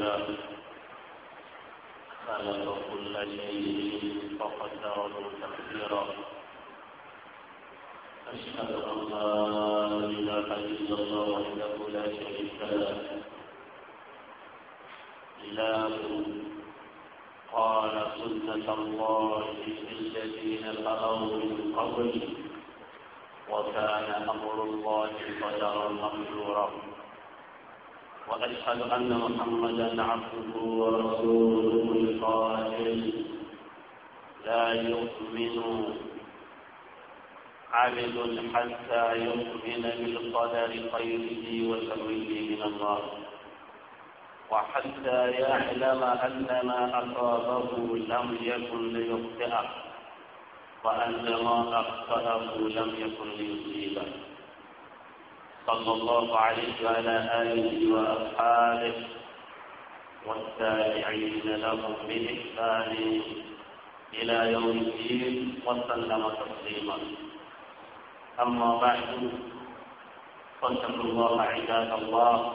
الله خلق كل شيء فقدره تقديرا أشهد أن لا إله إلا الله وحده لا شريك له إله قال سنة الله في الذين خلوا من قبل وكان أمر الله قدرا مقدورا وأشهد أن محمدا عبده ورسوله القائل لا يؤمن عبد حتى يؤمن بالقدر خيره وشره من الله وحتى يعلم أن ما أصابه لم يكن ليخطئه وأن ما أخطأه لم يكن ليصيبه صلى الله عليه وعلى آله وأصحابه والتابعين لهم بإحسان إلى يوم الدين وسلم تسليما أما بعد فاتقوا الله عباد الله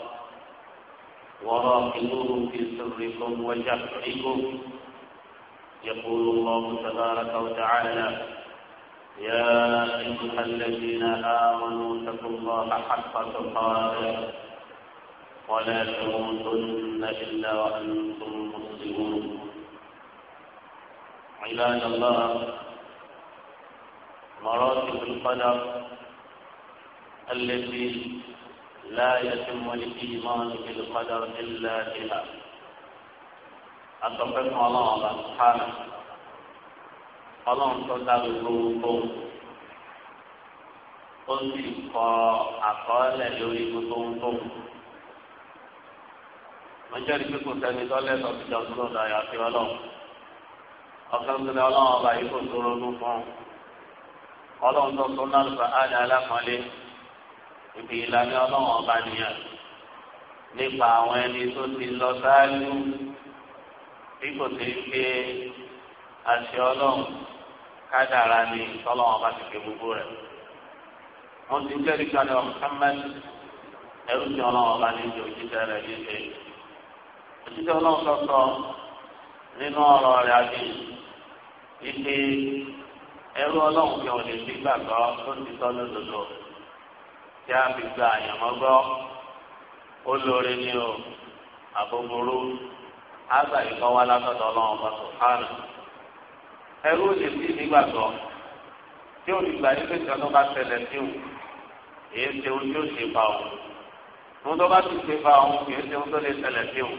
وراقبوه في سركم وجهركم يقول الله تبارك وتعالى يا أيها الذين آمنوا اتقوا الله حق تقاته ولا تموتن إلا وأنتم مسلمون عباد الله مراتب القدر التي لا يتم الإيمان بالقدر إلا بها أتقكم الله سبحانه ọlọ́run tó dá gbogbo ó sì kọ àkọọ́lẹ̀ lórí gbogbo mo jẹ́rìí pé kò sẹ́ni tọ́lẹ̀ tó ti jọ dúró dáyà sí ọlọ́run ọ̀kan tó ní ọlọ́run ọba yìí kò tó ronú fún ọlọ́run tó tó náà lùfà á ní alákọ̀ọ́lẹ̀ ìbí ìlànà ọlọ́run ọba nìyẹn nípa àwọn ẹni tó ti lọ sáájú bí kò sí pé àṣẹ ọlọ́run kádàrá ni tọ́lọ́wọ́n bá ti gbé gbogbo rẹ̀. wọ́n ti jẹ́rìí kan lọ Muhammad ẹrú ti ọlọ́wọ́n bá ní ìjọ òjíṣẹ́ rẹ̀ yíṣe. òjíṣẹ́ ọlọ́wọ́n sọ̀tọ̀ nínú ọ̀rọ̀ rẹ̀ àti ìpè ẹrú ọlọ́wọ́n kẹ́ ò lè fi gbàgbọ́ tó ti tọ́ lódodo tí a fi gba àyànmọ́gbọ́ ó lóore ní o àbòbòrò àgbà ìkọ́wá látọ̀dọ̀ ọlọ́wọ́n bá sọ̀tọ̀ ẹrú lè fi nígbàgbọ́ tí o nígbà yìí pé sọ́dọ̀ bá ṣẹlẹ̀ sí o èyí ṣe ohun tí ó ṣe fa o ohun tó bá ti ṣe fa o èyí ṣe ohun tó lè ṣẹlẹ̀ sí o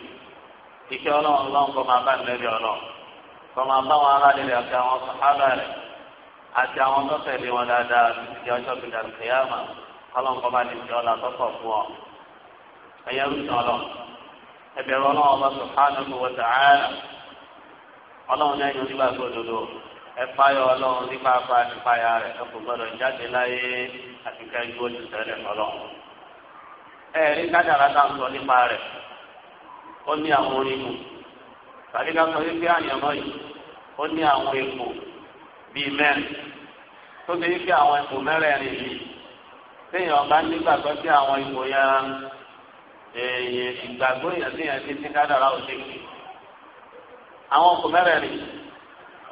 ike ọlọ́run ọlọ́run kọ́ máa bá nílẹ̀ ọlọ́run kọ́ máa bá wọn ará nílẹ̀ àti àwọn sàhábà rẹ̀ àti àwọn tó tẹ̀lé wọn dáadáa ti ọjọ́ gbìdà kìyàmà ọlọ́run kọ́ bá ní ti ọlá tó fún ọ ẹ̀yẹ rúṣọ ẹ̀bẹ̀rẹ̀ ọlọ́run ọba sùhánù wọ̀ tààrà ọlọ́run lẹ́yìn onígbàgbọ́ òdodo ẹ fáyọ ọlọ́run nípa apá nípayà rẹ̀ kọ́kọ́ gbọ́dọ̀ jáde láyé àti kẹ́jú oṣù tẹ́lẹ̀ ọlọ́run. ẹ rí kádàrá tá à ń sọ nípa rẹ̀ ó ní àwọn orígun tàbí ká sọ wípé àyànmọ́ yìí ó ní àwọn epo bíi mẹ́rin tó ti wípé àwọn epo mẹ́rẹ̀ẹ̀rin yìí téèyàn bá nígbàgbọ́ sí àwọn ipò yẹn èèyàn ìgbàgbọ́ èèyàn téèyàn ti ti kádàrá òṣèlú àwọn ọkọ̀ mẹ́rẹ̀ẹ̀rin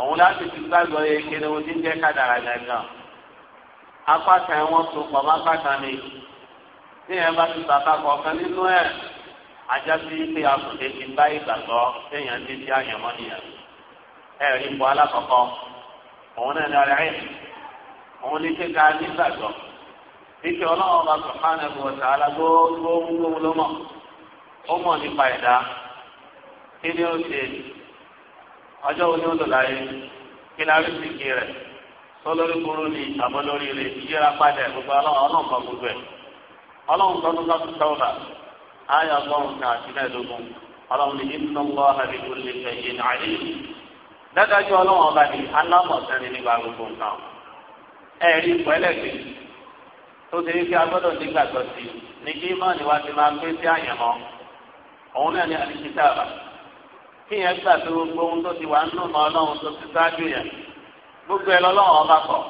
òun láti fi gbàgbọ́ yẹ kéde ohun tí ń jẹ́ kádàrà gangan apá wọn so pọ̀ mọ́ ni tí yẹn bá ti bàbá kọ̀ọ̀kan nínú ajásí pé ti bá ìgbàgbọ́ téèyàn ti di àyànmọ́ nìyẹn ẹ̀ ipò alákọ̀ọ́kọ́ òun náà ní ọ̀rẹ́ òun ní nígbàgbọ́ ike ọlọ́run bá ọjọ́ wo ni ó lò láyé kí ni arí sì kí rẹ̀ sọlórí burú ni àbọ̀ lórí rẹ̀ yíra padà gbogbo ọlọ́run kan gbogbo ẹ̀ ọlọ́run kan tó ká tó sáwọ́dà ayé ọlọ́run kan àti mẹ́ẹ̀ẹ́dógún ọlọ́run ni inú lọ́wọ́ àbí kò lè fẹ̀ yé nàáyé dájú ọlọ́run ọba ni alámọ̀sẹ́ni nígbà gbogbo nǹkan ẹ̀rí pẹ́lẹ́gbẹ́ tó ti rí kí a nígbàgbọ́ sí ni kí mọ́ọ̀nì wa ti máa gbé sí àyẹ̀mọ́ òun náà ni àdìsítà kí yẹn gbà pé gbogbo ohun tó ti wà nínú ọmọ ọlọ́run tó ti ṣáájú yẹn gbogbo ẹ lọ́lọ́run ọba kọ̀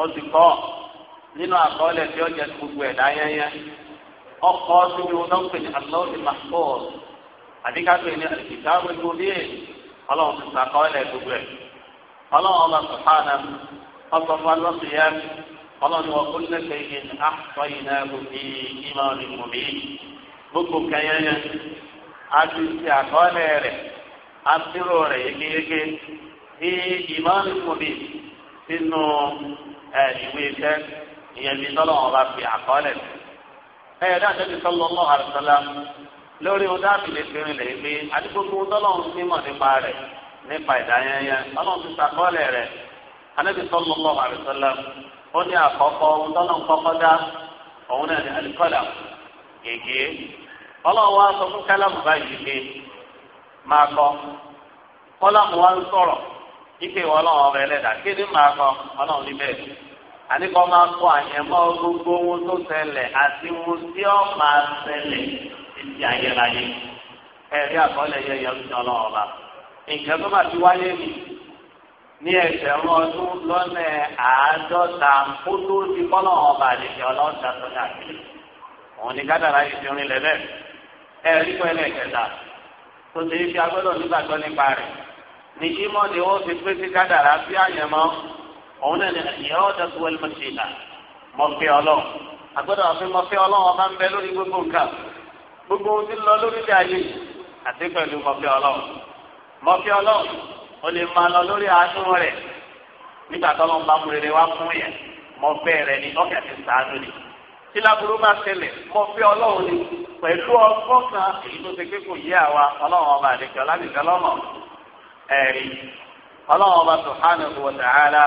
ó ti kọ́ nínú àkọọ́lẹ̀ tí ó jẹ gbogbo ẹ̀ dáyẹ́yẹ́ ọkọ̀ síbi wọn lọ́pẹ̀ ní alọ́ọ̀dì mahfuz àdíkàpẹ̀ ní ìdáwó ìgbòdì ọlọ́run ti ṣàkọọ́lẹ̀ gbogbo ẹ̀ ọlọ́run ọba sọ̀hánà ọkọ̀ fún alọ́sì yẹn ọlọ́run wọn kó lẹ́sẹ̀ àtúnṣe àkọọ́lẹ̀ rẹ̀ àtúrò rẹ̀ yékéyéké ní ìmọ̀ọ́nì kùbí sínú ìwé iṣẹ́ ìyẹn bí tọ́lọ̀ wọn bá fi àkọọ́lẹ̀ rẹ̀. ẹ̀yẹ dáa tẹ́lẹ̀ sọ́lọ́ lọ́wọ́ àrùsọ́lá lórí ohun dáàbì lè fi rìn lẹ́yìn pé adigunfu tọ́lọ́hún símọ̀ nípa rẹ̀ nípa ìdáyẹyẹ ọlọ́run ti sàkọọ́lẹ̀ rẹ̀ anábì sọ́lọ́ lọ́wọ́ àrùsọ́lá ó ní àkọ́kọ́ ohun tọ́lọ́hún kọ́kọ́ dá òun náà ní alikọ́lá gègé ọlọ́run wa sọ fún kálámù báyìí pé máa kọ kọ́lámù wa ń sọ̀rọ̀ ike ìwọ ọlọ́run ọba ẹlẹ́dàá kéde máa kọ ọlọ́run níbẹ̀ àníkọ́ máa kọ àyẹ̀mọ́ gbogbo ohun tó ṣẹlẹ̀ àti ohun tí ó máa ṣẹlẹ̀ ti ayẹlayẹ ẹ̀rí àkọọ́lẹ̀ yẹ yẹ lóṣù ọlọ́run ọba nǹkan tó bá ti wáyé mi ní ẹgbẹ̀rún ọdún lọ́nà àádọ́ta ó tó ti kọ́ lọ́run ọba àdìsẹ́ ọlọ́run ṣàtọ́jà kiri òun ni kádàrá yìí ti rin lẹ́lẹ́rìí ẹ̀rí fún ẹlẹ́kẹta tó ṣe é fi agbọ́dọ̀ nígbàgbọ́ nípa rẹ̀ ní ìmọ̀ ni wọ́n fi pé sí kádàrá sí àyẹ̀mọ́ òun náà ní ìyá ọ̀dà tó wẹ́lẹ́ mọ̀ṣẹ́ ìlà mọ̀ fẹ́ ọlọ́run agbọ́dọ̀ àfi mọ̀ fẹ́ ọlọ́run ọba ń bẹ lórí gbogbo nǹkan gbogbo ohun tí lọ lórí ilé ayé àti pẹ̀lú mọ̀ fẹ́ ọlọ́run mọ̀ fẹ́ ọlọ́run ó lè máa lọ lórí àánú rẹ̀ nígbà tó lọ́n bá mú rere wá fún yẹn mọ̀ fẹ́ rẹ̀ ní ọ̀kẹ́ ti sàánú ni tí láburú bá ṣẹlẹ̀ mo fi ọlọ́run ni pẹ̀lú ọgbọ́n kan èyí tó ṣe pé kò yé àwa ọlọ́run ọba àdékẹ́ ọlábìkẹ́ lọ́nà ẹ̀rí ọlọ́run ọba subhanahu wa ta'ala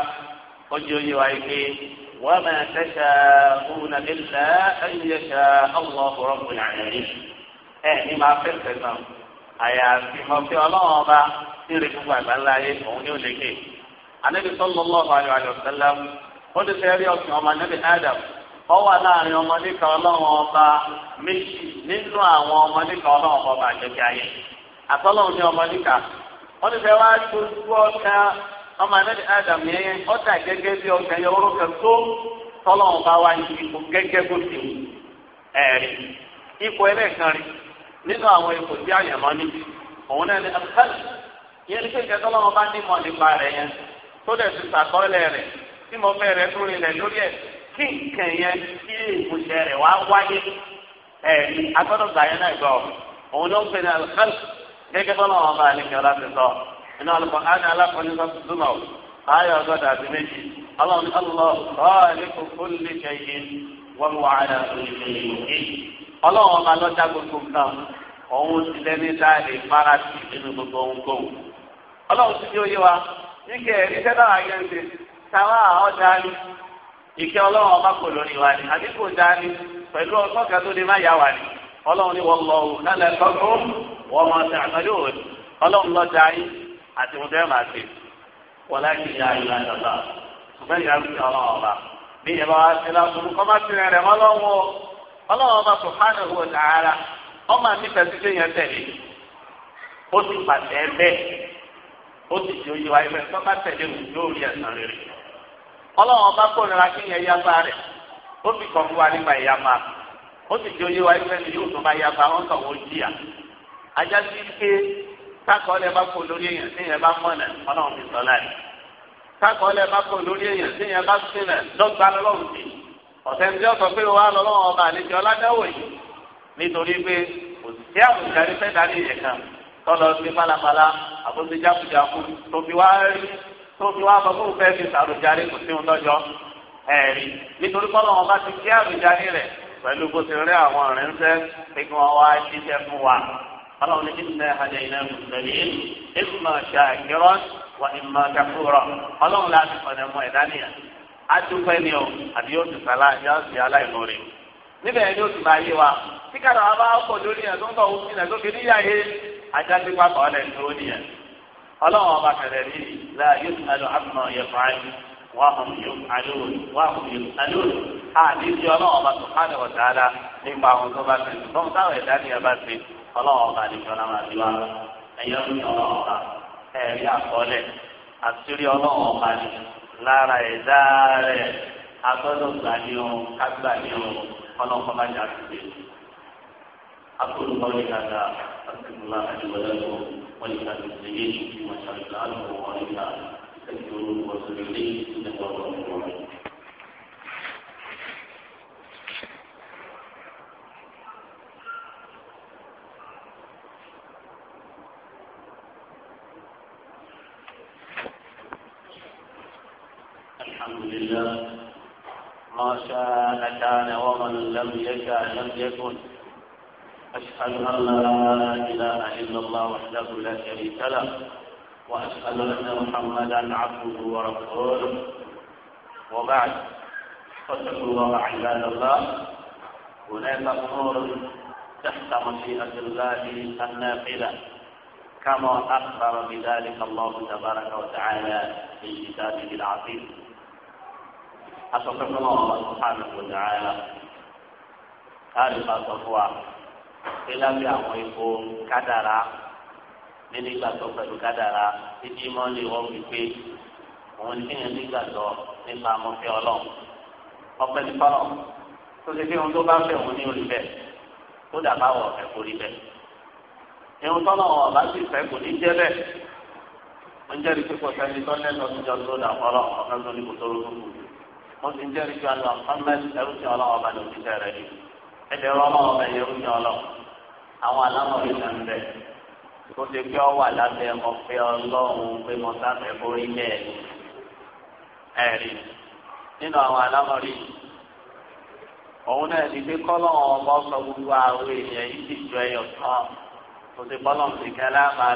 ojú oyè wa yìí pé wa ma tasha'una illa an yasha'a Allahu rabbul alamin ẹ̀ ní máa fẹ́sẹ̀ náà àyàfi mo fi ọlọ́run ọba ní ìrè gbogbo ní òlege Ànábì sallallahu alaihi wa sallam ó ti fẹ́ ọwọ́ láàrin ọmọdé kan ọlọ́run ọba méjì nínú àwọn ọmọdé kan ọlọ́run ọba àjọkẹ́ ayé àtọ́lọ́run ní ọmọdé kan wọ́n ti fẹ́ wá gbogbo ọ̀ka ọmọ anáde adam yẹn ọ̀tà gẹ́gẹ́ bí tó tọ́lọ́run wá gẹ́gẹ́ bó ti wù ẹ̀rí ipò ẹlẹ́ẹ̀kan rí nínú àwọn ipò tí ní òun náà yẹn ní kékeré tọ́lọ́run ní mọ̀ nípa rẹ̀ yẹn tó dẹ̀ ti kí nǹkan yẹn kí ìmúṣẹ rẹ̀ wá wáyé ẹ̀rí agbọ́dọ̀gbà yẹn náà gbọ́ òun ló ń pè ní alùpàlù gẹ́gẹ́ bọ́lá wọn bá ní kẹlá ti sọ iná alùpàlù á ní alákọ̀ọ́ni sọ tó túmọ̀ ayé ọgọ́dà àti méjì ọlọ́run ọlọ́ ọ̀ọ́lẹ́kùn kúlẹ̀ kẹyìn wọ́n wà á dà ọlọ́run ọba lọ́jà gbogbo nǹkan òun ti lẹ́ni dáàlì fara sí inú gbogbo ohunkóhun ọlọ́run ti di oyé wa ní kẹ́ẹ̀rí sẹ́dá ike ọlọ́run ọba kò lórí wa ni àbí kò ya ìlú àjọ̀dá ṣùgbọ́n ìyá mi ọlọ́run ọba bí ìyẹn bá wá sí lásán kọ́ má rẹ̀ ọlọ́run ọlọ́run ọba ọlọ́run ọba kò nira kí yẹn yaba rẹ̀ ó fi kọ̀ fún wa nípa ìyapa ó sì di oyé wa ẹgbẹ́ mi yóò tó bá yaba wọn kàn wọ́n jìyà ajá sí pé kákọ́lẹ̀ bá kó lórí èèyàn tí yẹn bá mọ̀nà ọlọ́run fi sọ láàyè kákọ́lẹ̀ bá kó lórí èèyàn tí yẹn bá sinà lọ́gbà lọ́rùn sí ọ̀sẹ̀ ní ọ̀sọ̀ pé wà lọ́lọ́run ọba àlejò ọ̀làdáwò yìí nítorí pé kò sí tó fi wá sọ fún fẹ́ fi sàrùjáde kò sí ńlọ́jọ́ ẹ̀rí nítorí kọ́ lọ́wọ́ bá ti kí àrùjáde rẹ̀ pẹ̀lú bó ti rí àwọn ọ̀rẹ́ pé kí wọ́n wá ṣiṣẹ́ fún wa. ọlọ́run ní kíni náà iná mùsùlùmí ìmọ̀ ṣàkírọ́ wà ìmọ̀ kakúrọ̀ ọlọ́run láti fọ̀nà mọ́ ẹ̀dá nìyà adúpẹ́ ni o àbí yóò ti sàlá yóò ti aláìmọ̀rẹ́ níbẹ̀ ni ó ti máa yé wa tí wa bá pọ̀ lórí ẹ̀ tó ń bọ̀ òun ti ọlọ́wọ́n ọba tẹ̀lé ní la yóò alọ́ àmọ́ yẹ̀fọ́ ayé wọ́n hàn yóò alóòrò wọ́n hàn yóò alóòrò àti ti ọlọ́wọ́n ọba sùpánì ọ̀dáadá nípa àwọn tó bá ti lọ́wọ́n táwọn ẹ̀dá ni ẹ bá ti ọlọ́wọ́n ọba àdìjọ́ náà máa diwa ẹ̀yọ́ ní ọlọ́wọ́n ọba ẹ̀rí àkọọ́lẹ̀ àtúrí ọlọ́wọ́n ọba ni lára ẹ̀dá rẹ̀ agbọ́dọ̀ gbà ní o ولشر السيئ وشر الأرض وغيرها استغفروه وصلوا إليه إنه هو الغفور الرحيم الحمد لله ما شاء كان ومن لم يشاء لم يكن أشهد أن لا إله إلا الله وحده لا شريك له وأشهد أن محمدا عبده ورسوله وبعد فاتقوا الله عباد الله هناك أمور تحت مشيئة الله النافلة كما أخبر بذلك الله تبارك وتعالى في كتابه العظيم أتقوا الله سبحانه وتعالى هذه صفوة pé lábẹ́ àwọn ipò kádàrá nínú ìgbàgbọ́ pẹ̀lú kádàrá títí máa ń lè wọ́n wí pé òun ní kéèyàn nígbàgbọ́ nípa amọ̀fẹ́ ọlọ́run ọpẹ́ ní fọlọ́ tó ṣe pé ohun tó bá fẹ́ òun ní orí bẹ́ẹ̀ tó dàbá wọ̀ ọ̀fẹ́ kórí bẹ́ẹ̀ ìhun tọ́lọ̀ ọ̀bá sì fẹ́ kò ní jẹ́ bẹ́ẹ̀ mo ń jẹ́rìí pé kò sẹ́ni tó lẹ́nu ọdún jọ tó dà fọlọ́ ọ̀fẹ́ tó ní kò tó rọ́ tó kù mo sì ń jẹ́rìí pé alọ́ ọ̀fẹ́ mẹ́rin ẹrú ti ọlọ́wọ́ bá ní òṣìṣẹ́ rẹ̀ yìí. ẹ̀jẹ̀ rọ́mọ́ ọmọ ń yan lọ àwọn ń kó ṣe pé ọmọ pé mo sáfẹ́ borí bẹ́ẹ̀ ni nínú àwọn òun náà ọmọ sọ gbogbo àwọn èèyàn yìí ti jọ ẹyọ kan kó ṣe kọ́lọ́run ti kẹ́ lábàá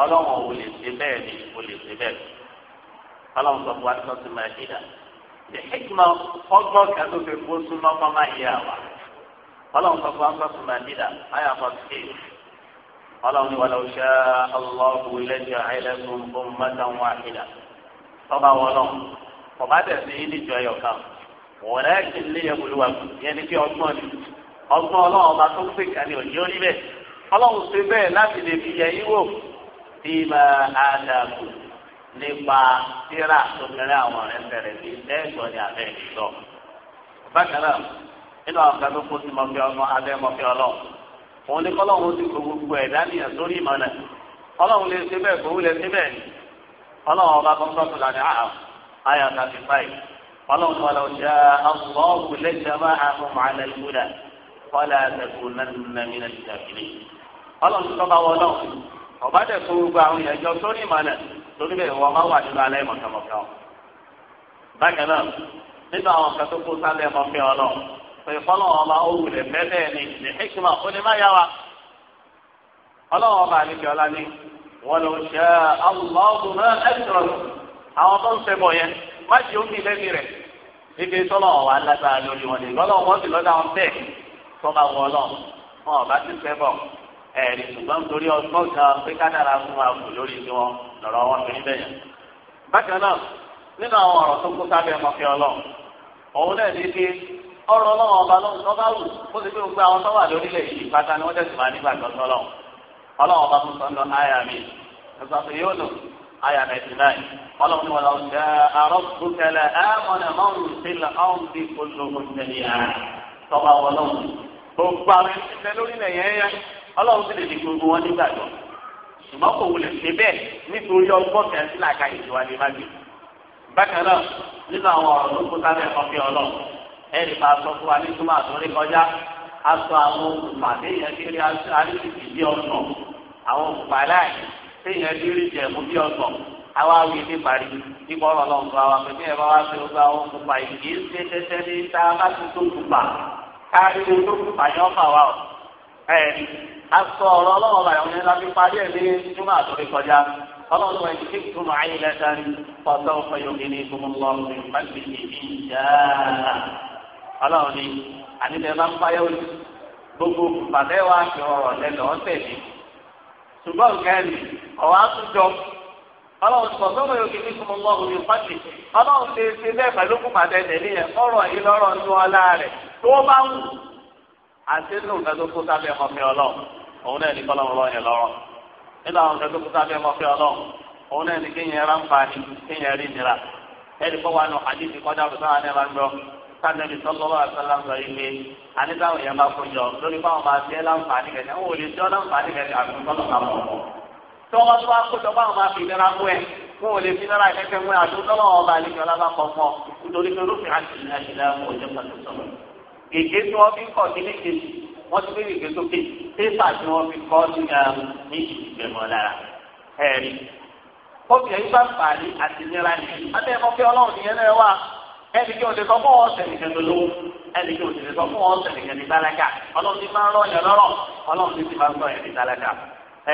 ọlọ́run ò lè ṣe bẹ́ẹ̀ ni ò lè ṣe sọ fún ìhìkìmọ̀ ọgbọ́n kan ló fi kó súnmọ́ kọ́má yẹ àwa ọlọ́run sọ fún wa ń sọ́sùn nàìjíríà ayé àkọsí ọlọ́run wà lọ́wọ́ ṣe ọlọ́ọ̀bù ilẹ̀jọ ayẹlẹ́gùn ohun mẹ́tàn wà nílà tọ́ba wọn lọ ọba tẹ̀sí níjọ ẹ̀yọ̀ kan wọ́n rẹ̀ kí lè yẹ wọlé wa yẹn ni kí ọgbọ́n ni ọgbọ́n ọlọ́run ọba tó ń pè kàní òjì oníbẹ̀ ọlọ́run ṣe bẹ́ẹ̀ láti lè fi yẹ yíwò bí máa á dáa kù nípa tíra tó kẹrẹ àwọn ọ̀rẹ́ bẹ̀rẹ̀ bí ẹ̀gbọ́n ní abẹ́ ìgbọ́. bákan náà nínú àwọn kan tó kó sí mọ́fẹ́ ọmọ abẹ́ mọ́fẹ́ ọlọ́run òun ní kọ́lọ́hún ti kó gbogbo ẹ̀dá nìyẹn sórí ìmọ̀ náà ọlọ́run lè ṣe bẹ́ẹ̀ kó wúlẹ̀ síbẹ̀ ọlọ́run ọba kan tọ́tù lànà àhàn ayà tàbí fáì ọlọ́run wà lọ́wọ́ ṣá ọlọ́ọ̀kù lẹ́jọba àhùn àlẹ́ ìgbúdà kọ́lá àtẹ̀kùn náà nínú ìjàkìlì ọlọ́run tọ́ba wọlọ́run ọba tẹ̀kùn gbogbo àwọn ìyàjọ sórí ìmọ̀ náà torí bẹ́ẹ̀ wọ́n máa wà nínú alẹ́ mọ̀kànmọ̀kàn. bákan náà nínú àwọn kan tó kó sálẹ̀ mọ̀kàn ọ̀nà pẹ̀lú fọlọ́wọ́n ọba ó wulẹ̀ mẹ́lẹ̀ ni ní hikima ó ní má yá wa. ọlọ́wọ́n ọba àlejò ọlá ni wọ́n lọ ṣe àwùmọ́ọ̀gùn náà ẹ̀sọ̀rọ̀ àwọn tó ń fẹ́ bọ̀ yẹn má ṣe ó fi lẹ́mí rẹ̀ ibi tọ́lọ́wọ́n wà ẹ̀rí ṣùgbọ́n torí ọgbọ́n kan pé kádàrà fún wa kù lórí wọn lọ́rọ̀ wọn fi níbẹ̀ yẹn. bákan náà nínú àwọn ọ̀rọ̀ tó kó sábẹ́ mọ́fẹ́ ọlọ́run òun náà ní pé ọ̀rọ̀ ọlọ́run ọba lọ́run tó bá wù ó ti pé gbogbo àwọn tó wà lórílẹ̀ yìí pátá ni wọ́n tẹ̀sí máa nígbà tó tọ́lọ̀ ọlọ́run ọba tó sọ́nà àyà mi ìgbàgbọ́ yóò lò àyà lọ ọlọ́run sì lè di gbogbo wọn nígbàgbọ́ ṣùgbọ́n kò wulẹ̀ ṣe bẹ́ẹ̀ nítorí ọgbọ́n kan sí làkà ìṣèwádìí má gbé bákan náà nínú àwọn ọ̀rọ̀ ló kó sábẹ́ ọ̀fẹ́ ọlọ́run ẹ̀rì máa sọ fún wa ní túmọ̀ àtúndì kọjá a sọ àwọn òkùnfà téèyàn kiri arísìkì bí ọ̀sán àwọn òkùnfà láì téèyàn kiri jẹ̀mú bí ọ̀sán àwa wí ní parí nípa ọ̀rọ̀ ọlọ́run fún wa àwọn òkùnfà asọ aṣọ ọ̀rọ̀ ọlọ́wọ́ báyọ̀ ní ẹ̀rọ fífa díẹ̀ ní túmọ̀ kọjá ọlọ́run wa ìdí tó máa yí lẹ́sẹ̀ ní ọ̀sán ọ̀fọ̀yọ̀gì ní ìfowópamọ́ ìfàgbé ìbí ìjà ọlọ́run ni ànílẹ̀ máa ń fáyọ̀ gbogbo pàdé wa ní ti àti nínú nǹkan tó kó sábẹ́ ọmọfẹ́ ọlọ́run òun náà ní kọ́ lọ́run lọ́yìn lọ́rọ̀ nínú àwọn nǹkan tó kó sábẹ́ ọmọfẹ́ ọlọ́run òun náà ní kéèyàn rán pa ni kéèyàn rí nira ẹni kọ́ wa nù àdìsí kọjá lọ sáwọn ẹ̀rọ ń gbọ́ sádẹ́bí sọ́lọ́wọ́ àtàlà ń sọ ilé anígbàwọ̀ yẹn máa kọjọ lórí báwọn máa fi láǹfààní kẹ̀kẹ́ wọn ò lè fi ọ́ láǹfààní kẹ̀kẹ́ àti sọ́lọ́ àmọ́ tí wọ́n tún akójọ báwọn máa fi nira mú ẹ wọn ò lè fi nira kẹ̀kẹ́ mú ẹ àti sọ́lọ́ ọba àlejò ọlábàkọ̀ mọ́ nítorí pé olófin àti ìlànà ìlànà òjò pàtó sọ̀rọ̀ gègé tí wọ́n fi kọ́ nílé kejì wọ́n ti bẹ̀rẹ̀ gègé sókè pépà tí wọ́n fi kọ́ um, ní ní ìgbẹ̀mọ̀ lára ẹ̀rí. kófì ẹ̀yìn bá fà ní àtìníra ní abẹ́ ẹ̀kọ́ pé ọlọ́run nìyẹn náà wà ẹnì kí o ti sọ fún wọn ọ̀sẹ̀ nìkan tó lówó ẹnì kí o ti sọ fún wọn ọ̀sẹ̀ nìkan ní tálákà ọlọ́run ti máa ń rọ ọ̀yàn lọ́rọ̀ ọlọ́run ti máa ń sọ ẹ̀yàn ní tálákà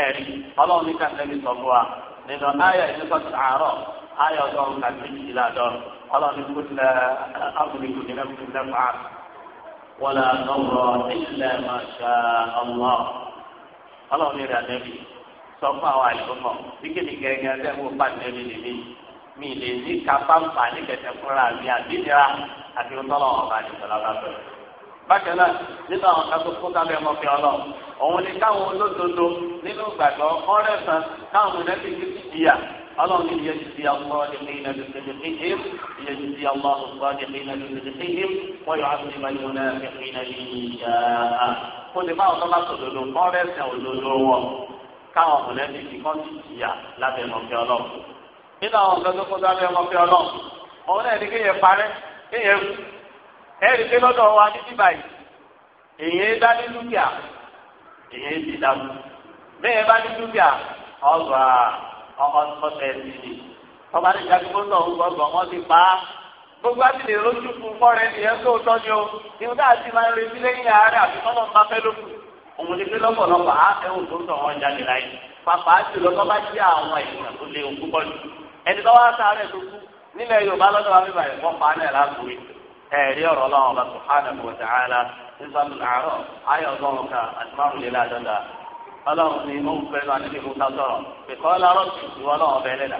ẹ̀rí ọlọ́run ní kàtẹ́lì sọ fún wa nínú ayọ̀ ìdíkọ̀tì àárọ̀ ayọ̀ ọ̀dọ́run kàtẹ́lì ìlà ọ̀dọ́run ọlọ́run ní kúndínlẹ̀ abúlé kúndínlẹ̀ fún un lẹ́fọ̀ àrùn ولا ضر إلا ما شاء الله الله يرى النبي sọfún àwọn àlùmọ bíkìlì gẹ́gẹ́ ẹgbẹ̀rún bá nẹbi nìbí mi lè ní kápánpá ní kẹsẹ fúnra mi àbí nira àti ntọ́lọ̀ ọba nìkọlá bá bẹ̀rẹ̀. bákan náà nínú àwọn kan tó kó sábẹ́ ọmọkẹ́ ọlọ òun ni káwọn olódodo nínú gbàgbọ́ ọ̀rẹ́ san káwọn mọ̀lẹ́bí ti ti jìyà ọlọ́run ní yẹn ti ọmọ ìpínlẹ̀ bìbìbìbìhìm yẹn ti ọmọ ọ̀gbọ́n ìpínlẹ̀ bìbìbìhìm wọ́n yọ àbúrò ìmọ̀lẹ́ wọn náà ìpínlẹ̀ ìjà. kó lè má ọ̀tọ́ bá sòdodo kọ́ rẹ́sẹ̀ òdodo wọn káwọn mọ̀lẹ́bí ti kọ́ sí ìyà lábẹ́ ọmọkẹ́ ọlọ́run. nínú àwọn nǹkan tó kó lábẹ́ ọmọkẹ́ ọlọ́run òun náà ní kéèyàn parẹ́ kéèyàn kú ẹ̀rí pé lọ́dọ̀ wa ní bíbá yìí èyí bá ní dúkìá èyí ti dàgbù bẹ́ẹ̀ bá ní dúkìá ọgbà ọmọ ọ̀sẹ̀ ìdílé ọba ní ìjà gbogbo náà ń gbọgbọ wọn ti pa á gbogbo àti lè lójú fún fọrẹ nìyẹn tó tọ́ ni o ìwọ náà ti máa ń retí lẹ́yìn ààrẹ àti tọ́nà bá fẹ́ lókun òun ni pé lọ́pọ̀lọpọ̀ á ẹ̀hún tó ń tọ̀ wọ́n jáde láyé pàpà jùlọ tó bá jẹ́ àwọn èèyàn tó lé ogún pọ̀ jù ẹni tó wá sáré tó kú nílẹ̀ Yorùbá lọ́dọ̀ wa bíbá ẹ̀kọ́ pa náà lágbóyè ẹ̀rí ọ̀rọ̀ ọlọ́run ọba sùhánà bọ̀dà ààlà nígbà tó làárọ̀ ayọ̀ ọlọ́run ká àti márùnléláàdọ́dà ọlọ́run ni ó ń fẹ́ lọ àti musa sọ̀rọ̀ pẹ̀kọ́ ọlọ́run ti ju ọlọ́run ọbẹ̀ lẹ́dà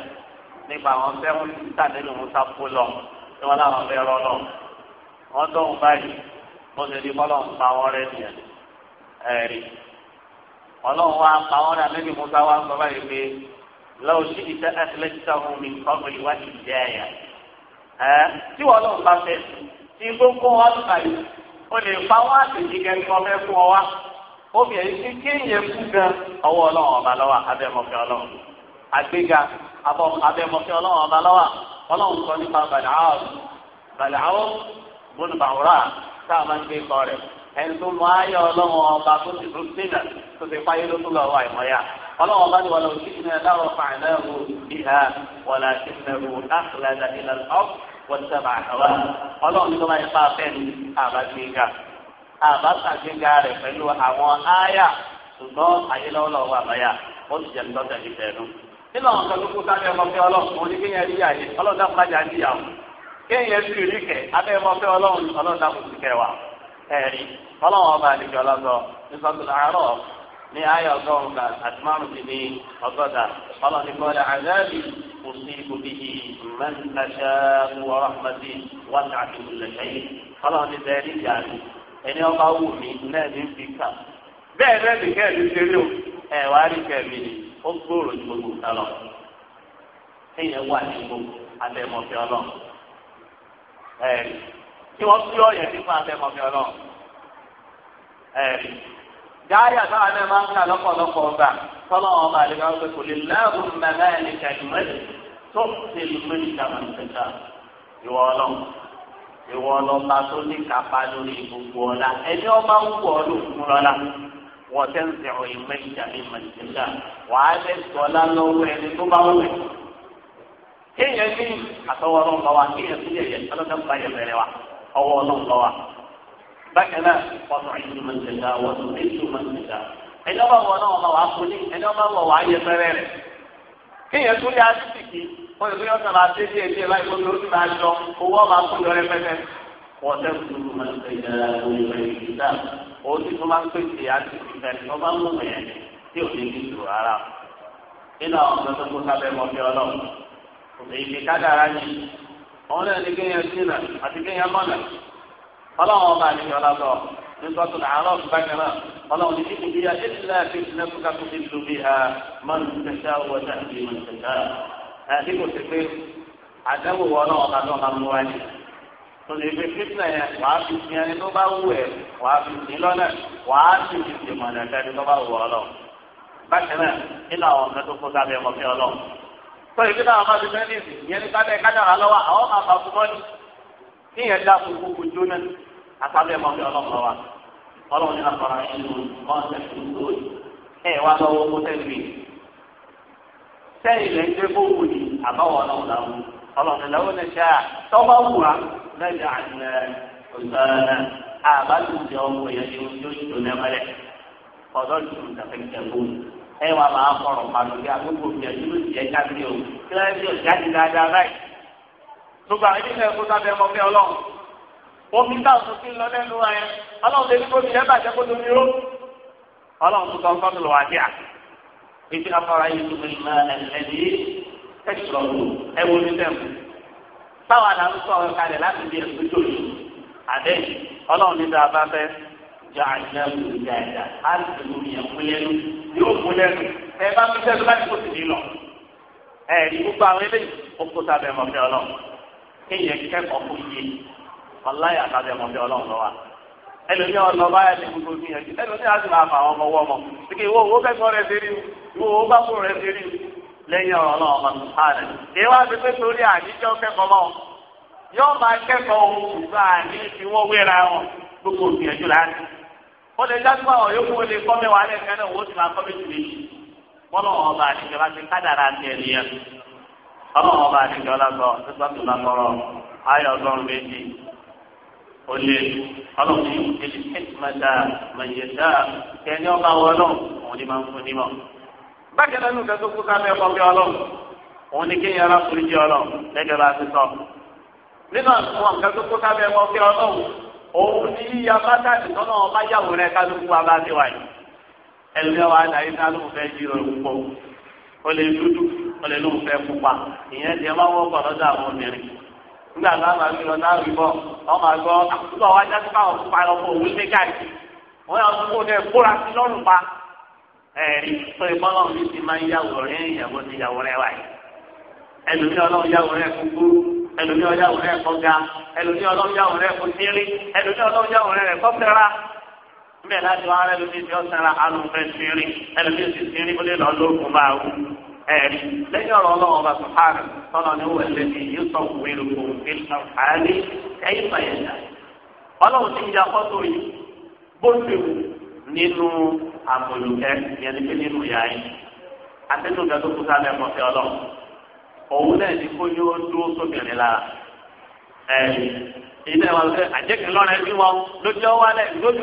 nípa àwọn sẹ́wọ́n títà nínú musa kó lọ tí wọ́n láwọn fẹ́ rọ́ lọ. wọ́n tó ń báyìí wọ́n ti di bọ́lọ́run pa wọ́n rẹ̀ nìyẹn ẹ̀rí. ọlọ́run wa pa wọ́n rẹ̀ àbẹ́bí musa wa sọ báyìí pé lọ́wọ́ sí iṣẹ́ ẹ̀sìlẹ́sítàhùn mi kọ́kọ́ ìwà ìjẹ́ ẹ̀yà. ẹ̀ tí wọ́n lọ́run bá fẹ́ omi ẹ̀yìn kí kéèyàn kú gan ọwọ́ ọlọ́run ọba lọ́wọ́ abẹ́mọ̀fẹ́ ọlọ́run àgbéga abẹ́mọ̀fẹ́ ọlọ́run ọba lọ́wọ́ ọlọ́run sọ nípa bàdáwọ̀ bàdáwọ̀ gbónúbàwòrà tá a máa ń gbé kọ rẹ̀ ẹni mọ ayé ọlọ́run ọba tó ti tó sílẹ̀ tó ti fáyé ló tó lọ wá ìmọ̀ya ọlọ́run ọba ní wọlé òsì ní ẹ̀dáwọ̀ fàìlẹ́rù bíhà wọlé àtìmẹ̀rù àkùlẹ̀ àdàdìlẹ̀ ọ̀ wọ́n ti sábà àkàwà ọlọ́run tó máa ń pa afẹ́ àbáta gbéga rẹ̀ pẹ̀lú àwọn áyà ṣùgbọ́n ayélujára wà báyà ó ti jẹ́ lọ́jà ìfẹ́ nù. nínú àwọn kan lókun sábẹ́ ọmọfẹ́ ọlọ́run òní kéèyàn rí àyè ọlọ́dà pàjá ní ìyàwó kéèyàn sì rí kẹ̀ abẹ́ ọmọfẹ́ ọlọ́run ọlọ́dà kò sì kẹwàá ẹ̀rí ọlọ́run ọba àdìgbẹ́ ọlọ́dọ̀ nítorí àárọ̀ ní ayé ọgọ́rùn kan àti márùn ti ní ọgọ́ta ọlọ́ni ní ìyá ẹni ọba wù mí náà fi kà bẹ́ẹ̀ náà ní kẹ́ẹ̀ o ẹ wá rí kẹ́mi ni ó gbòòrò ní gbogbo nǹkan lọ ẹ̀yẹ wà ní gbogbo abẹ́mọ̀fẹ́ ọlọ́run ẹ̀ tí wọ́n fi ọ̀yẹ̀ nípa abẹ́mọ̀fẹ́ ọlọ́run ẹ̀ gáyà táwọn náà máa ń kà lọ́pọ̀lọpọ̀ ọgbà tọ́lọ́ ìwọ ọlọ́ba tó ní kápá lórí gbogbo ọ̀la ẹni ọba ń wọ̀ ọ́ fún lọ́la wọ́n tẹ́ ń sẹ̀rọ̀ ìmọ̀ ìjà ní màjèlá wàá lẹ́ sọ́lá lọ́wọ́ ẹni tó bá wọ̀ kéèyàn ní àtọwọ́ ọlọ́ba wa kéèyàn sí yẹ̀yẹ̀ ọlọ́dọ̀ bá yẹ̀ bẹ̀rẹ̀ wa ọwọ́ ọlọ́ba wa bákan náà wọ́n tún ìlú màjèlá wọ́n tún ìlú màjèlá ẹni ọba wọ̀ ọlọ́ba wa kò ní ẹni ọba wọ̀ wàá yẹ bẹ̀rẹ̀ rẹ̀ kéèyàn tún yá sí wọ́n ti fi ọ̀sán máa ṣe sí ẹ̀ṣẹ̀ láì fún lórí máa jọ owó ọ̀ma kú lọ rẹpẹtẹ. wọ́n tẹ́ kúrú máa ń pèsè ìlànà ìgbà òun ti tún máa ń pèsè àti ìfẹ́ tí wọ́n bá ń mú yẹn tí ò ní kí n lò rárá. nínú àwọn ọ̀sán tó kó sábẹ́ mọ́ bí ọlọ́run èyí kádàrá ni àwọn náà ní kéèyàn sínà àti kéèyàn mọ́nà ọlọ́run ọba àti ọlọ́tọ̀ nítorí àárọ̀ bákan náà ọlọ́run ní kíkì bíyà ìdílé àti ìdílé tó ká tó fi lù bí i ha mọ́nà tẹ̀sán wọ́n tẹ̀sán àti kò sí pé àdéhùn wọn náà ọ̀nà náà máa mú wa ní. tòlè fi fitna yẹn wàá fi fi ẹni tó bá wù ẹ wàá fi fi lọ́nà wàá fi fi fi mọ̀nà ẹni tó bá wù ọ lọ. bákan náà nínú àwọn ọ̀nà tó kó sábẹ́ ọmọ fi ọ lọ. tó ìdí náà máa fi fẹ́ níbi ìyẹn ní sábẹ́ kájàrà lọ́wọ́ àwọn máa fà fún mọ́ni. níyẹn dá fún kúkú jóná àtàbẹ́ ọmọ fi ọ lọ́wọ́ wa. ọlọ́run ní sẹ́yìn lẹ́ ń gbé bóòwò ni àbáwọ̀ náà làwọn ọlọ́run làwọn ní ṣáà tọ́ba wù wá lẹ́yìn àná ọ̀sán àbálùjọ ọmọ yẹn ni ojú ìjọ lẹ́mọ́lẹ̀ ọ̀dọ́ ìjọ ìjàkẹ́kẹ́ bóòwò ẹ wà máa kọ̀rọ̀ pàdé bí agbègbè òbí ẹ̀jú ló tiẹ̀ jáde o kíláàsì ọ̀jáde dáadáa báyìí. gbogbo àwọn ìdílé ẹ̀kọ́ sábẹ́ ọmọ bí ọlọ́run omi táwọn tó fi ń lọ lẹ́nu wa yẹn ọlọ́run lè ní kó tiẹ̀ bàjẹ́ kó tó ní ó ọlọ́run tó sọ fọ́nù lọ́wọ́ àdíà ibi afọláyétu mi ma ẹlẹ́dí ẹ̀ṣọ́rù ẹ̀wọ̀n ní sẹ́mu. báwa la ń sọ̀rọ̀ kalẹ̀ láti di ẹ̀sùn tó yìí àdé ọlọ́run ní dáa bá fẹ́ jọ àjẹmú ìdájà á sì mú yẹn mú lẹ́nu yóò mú lẹ́nu ẹ bá fi sẹ́nu láti kó sì ní lọ. ẹ ní gbogbo àwọn eléyìí ó sábẹ́ mọ́fẹ́ ọlọ́run kéèyàn kẹ́kọ̀ọ́ fún yìí ọláyà sábẹ́ mọ́fẹ́ ọlọ́run lọ́wọ́ ẹlòmíì ọzọ báyà ní gbogbo gbìyànjú ẹlòmíì á sì máa fà ọmọ ọmọ sìkè ìwọ owó kẹsàn rẹ ṣe rí ìwọ owó bá fún rẹ ṣe rí náà ọmọ sùpáàlẹ èyí wá sí pé torí àníjọ mọ yóò máa ohun ìgbà wọn wéra wọn gbogbo láti lè dájú àwọn yòókù lè kọ́ náà wọ́n máa kọ́ méjì wọn olè ọlọ́run yìí ìdílé ẹ̀tìmọ́tà mẹ̀yẹ̀dá kẹ́ni ọba wọlọ́ òun ni máa ń fún ní mọ́. bákan náà nǹkan tó kú sábẹ́ ẹ̀kọ́ bí ọlọ́run òun ni kéèyàn ara forí jẹ ọlọ́run lẹ́gẹ̀ẹ́ bá ti sọ. nínú àwọn nǹkan tó kú sábẹ́ ẹ̀kọ́ bí ọlọ́run òun ni yíya bàtà ìtọ́nà ọba yàwó rẹ kálukú wa ti wà yìí. ẹlẹ́wọ̀n dàrí kálukú fẹ́ jíròrò púpọ̀ nígbà tó àwọn àgbẹ̀ lọ náà rìbọ̀ wọ́n máa gbọ́ àkùkọ wa jáde káwọn fún parọ́ fún òwú lé káàkiri wọ́n yà wọ́n kó dẹ́ kóra sí lọ́rùn pa ẹ̀rí tó ìbọn náà mi ti máa ń yàwó rẹ̀ ìyàwó ti yàwó rẹ̀ wáyé ẹlòmí ọlọ́run yàwó rẹ̀ kúkú ẹlòmí ọlọ́run rẹ̀ kọjá ẹlòmí ọlọ́run yàwó rẹ̀ kùsírí ẹlòmí ọlọ́run yàwó rẹ̀ kọ́fẹ́ra mbẹ́ láti wá ẹlòmí ti ti sírí ẹ̀rí lẹ́yìn ọ̀rọ̀ ọlọ́run ọba sùhánù tọ́lọ ní wọ́n lé ní yóò sọ òwe lòkò òfin àǹfààní ẹ̀yìn fàyẹ̀dà ọlọ́run ti ń ya fọ́tò yìí bó ti wù nínú àpòlùkẹ́ yẹn ní pé nínú ìyá yìí tó kúta lẹ́ ọlọ́run òun náà ní kó yóò dúró ẹ̀rí ilé wọn bí wọn lójú lójú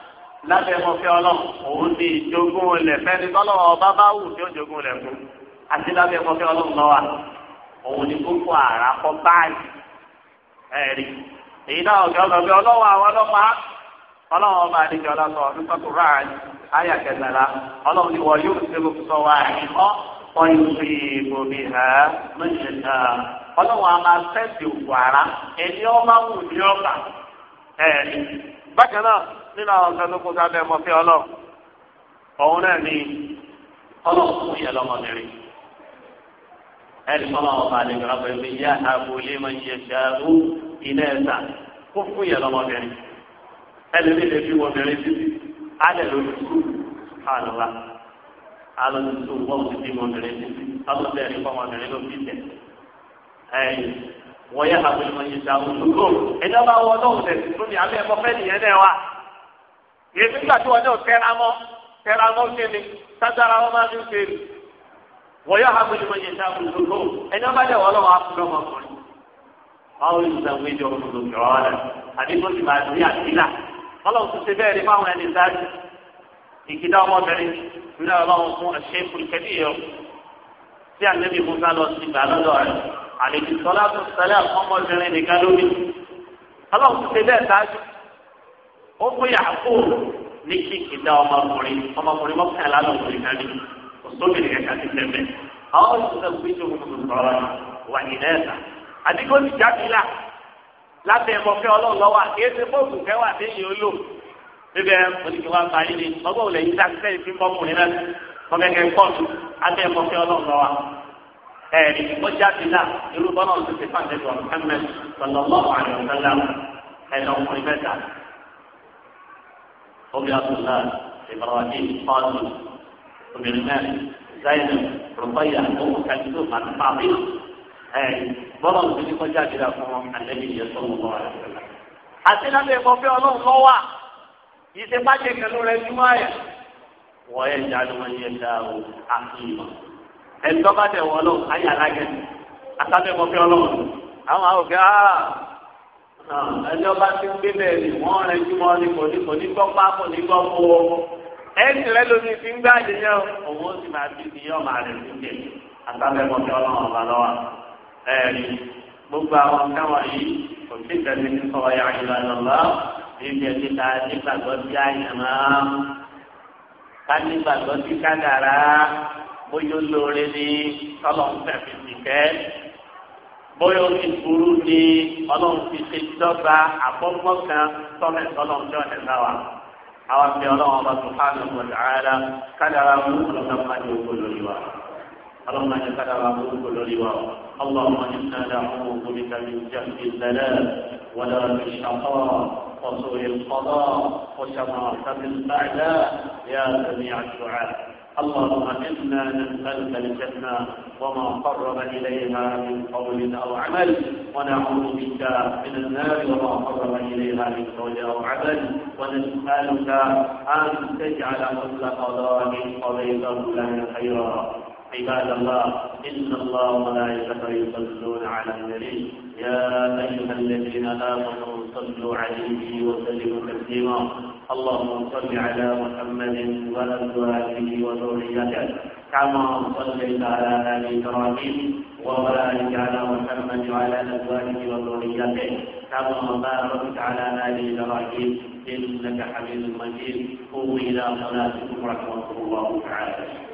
lábẹ́ mọ́fẹ́ ọlọ́run òun ni ìjogún ilẹ̀ fẹ́ni tọ́lọ́wọ́ ọba bá wù tí ó jogún ilẹ̀ fún àti lábẹ́ mọ́fẹ́ ọlọ́run lọ́wọ́ òun ní kókó ara kọ́ báyìí ẹ̀rí èyí náà ọ̀gá ọ̀gá ọlọ́wọ́ àwọn ọlọ́pàá ọlọ́wọ́ ọba àdìjọ ọlọ́sọ ọdún tó kúrò àárín ayà kẹtàlá ọlọ́run ni wọ́n yóò gbogbo sọ wa àìkọ́ a nínú àwọn ọ̀sẹ̀ tó kó sábẹ́ ẹ̀mọ́ fi ọlọ́ ọ̀hún náà ni ọlọ́run fún yẹn lọ́mọdéré ẹni tọ́lá ọba àlejò àgbẹ̀ mi yá àbúlé máa ń yẹ ṣáàrú iná ẹ̀sà kó fún yẹn lọ́mọdéré ẹni lè fi wọ́mọdéré títí alẹ́ lórí àlọ́lá alọ́ ti tó wọ́n ti fi wọ́mọdéré títí alọ́ bẹ́ẹ̀ ni wọ́mọdéré ló fi tẹ̀ ẹ̀yìn wọ́n yá àbúlé máa ń yẹ ṣáàrú lóko ẹ̀dá bá wọ́n tẹ̀ èmi gbà tí wọn náà tẹra mọ́ tẹra mọ́ ṣe ni sájára wọn máa ń ṣe ni wọ́n yọ àbò ìmọ̀ yẹn ṣe àbò ìdókò ẹni wọn bá dẹ̀ wọ́n lọ́wọ́ àfúnná ọmọkùnrin báwo ni ìsàn wíjọ olùdókòrò ọ̀rẹ́ àdìgbò ti máa dùn ní àdìlà ọlọ́run tún ṣe bẹ́ẹ̀ ni báwọn ẹni sáájú ìkìdá ọmọbìnrin ìlú ọlọ́run fún ẹ̀ṣẹ́ ìkẹ́bí yọ tí àlẹ́bí musa lọ sí ìgbà lọ́dọ̀ rẹ̀ àlejò sọlá tó ṣẹlẹ̀ ọmọbìnrin nìkan lórí ọlọ́run tún ṣe bẹ́ẹ̀ sáájú ó fún yàgò ní kíkì dá ọmọkùnrin ọmọkùnrin mọ́kànlá lọ́kùnrin náà ní òṣòbìnrin ẹ̀ka ti tẹ̀lé àwọn òṣìṣẹ́ gbẹ́jọ́ òun sọ̀rọ̀ wà nílẹ̀ ẹ̀ta àdìgbò ti jábìlà láti ẹ̀mọ̀kẹ́ ọlọ́run lọ́wọ́ àkéésí fóònù kẹwà déyìn olò bíbẹ̀ oníkẹ́ wa gba yín ni ọgbọ́n òun lẹ́yìn dákítẹ́ ìfín bọ́kùnrin náà kọ́kẹ́kẹ́ kọ́ọ̀tù láti ẹ̀mọ̀kẹ́ ọlọ́run lọ́wọ́ ẹ̀rí ó jábìlà irú bọ́lá ọ̀sẹ̀ ti fàǹdẹ̀tọ̀ ẹ̀mẹ́ sọ̀lọ́lọ́ أبي عبد الله إبراهيم قاسم أبي المال زينب رقية أم كلثوم عن فاطمة أي بلغ بني قجاج إلى النبي صلى الله عليه وسلم àti lábẹ́ ẹ̀kọ́ fẹ́ ọlọ́run lọ wà yìí ṣe bá jẹ kẹlú rẹ jùmọ̀ ẹ̀ wọ́n yẹ jẹ́ àdúgbò yẹn dá o àfihàn ẹni ọba ti ń gbé bẹ́ẹ̀ ni wọ́n rẹ̀ jí wọn ní kò ní kò ní gbọ́ pa kò ní gbọ́ fún o. ẹni rẹ lómi fi ń gbá àdéhùn òun ó sì máa bí ti yọ màá rẹ̀ lókè àtàlẹ́mọ̀ kí ọlọ́run ọba lọ́wọ́ ẹ̀rí gbogbo àwọn káwọn yìí kò sí ìtẹ̀lé ní sọ ọ̀yà ìlànà lọ níbi ẹni ta nígbàgbọ́ bóyá omi burú ni ọlọ́run fi ṣe dọ́gba àkọ́kọ́ kan tọ́lẹ̀ tọ́lọ́run tí wọ́n ti bá wa. àwọn àti ọlọ́run ọba subhanahu wa ta'ala kádàrà mú ọlọ́run máa ní oko lórí wa. ọlọ́run máa ní kádàrà mú lórí wa. ọlọ́run máa ní kádàrà mú oko mi kàbí jáde lẹ́lẹ́ wọlé ọ̀rẹ́ ìṣàkọ́ وسوء القضاء وشماتة الأعداء يا سميع الدعاء اللهم إنا نسألك الجنة وما قرب إليها من قول أو عمل ونعوذ بك من النار وما قرب إليها من قول أو عمل ونسألك أن تجعل كل قضاء قضيته لنا خيرا عباد الله إن الله وملائكته يصلون على النبي يا أيها الذين آمنوا صلوا عليه وسلموا تسليما اللهم صل على محمد وأزواجه وذريته كما صليت على آل إبراهيم وبارك على محمد وعلى أزواجه وذريته كما باركت على آل إبراهيم إنك حميد مجيد قوموا إلى صلاتكم رحمة الله تعالى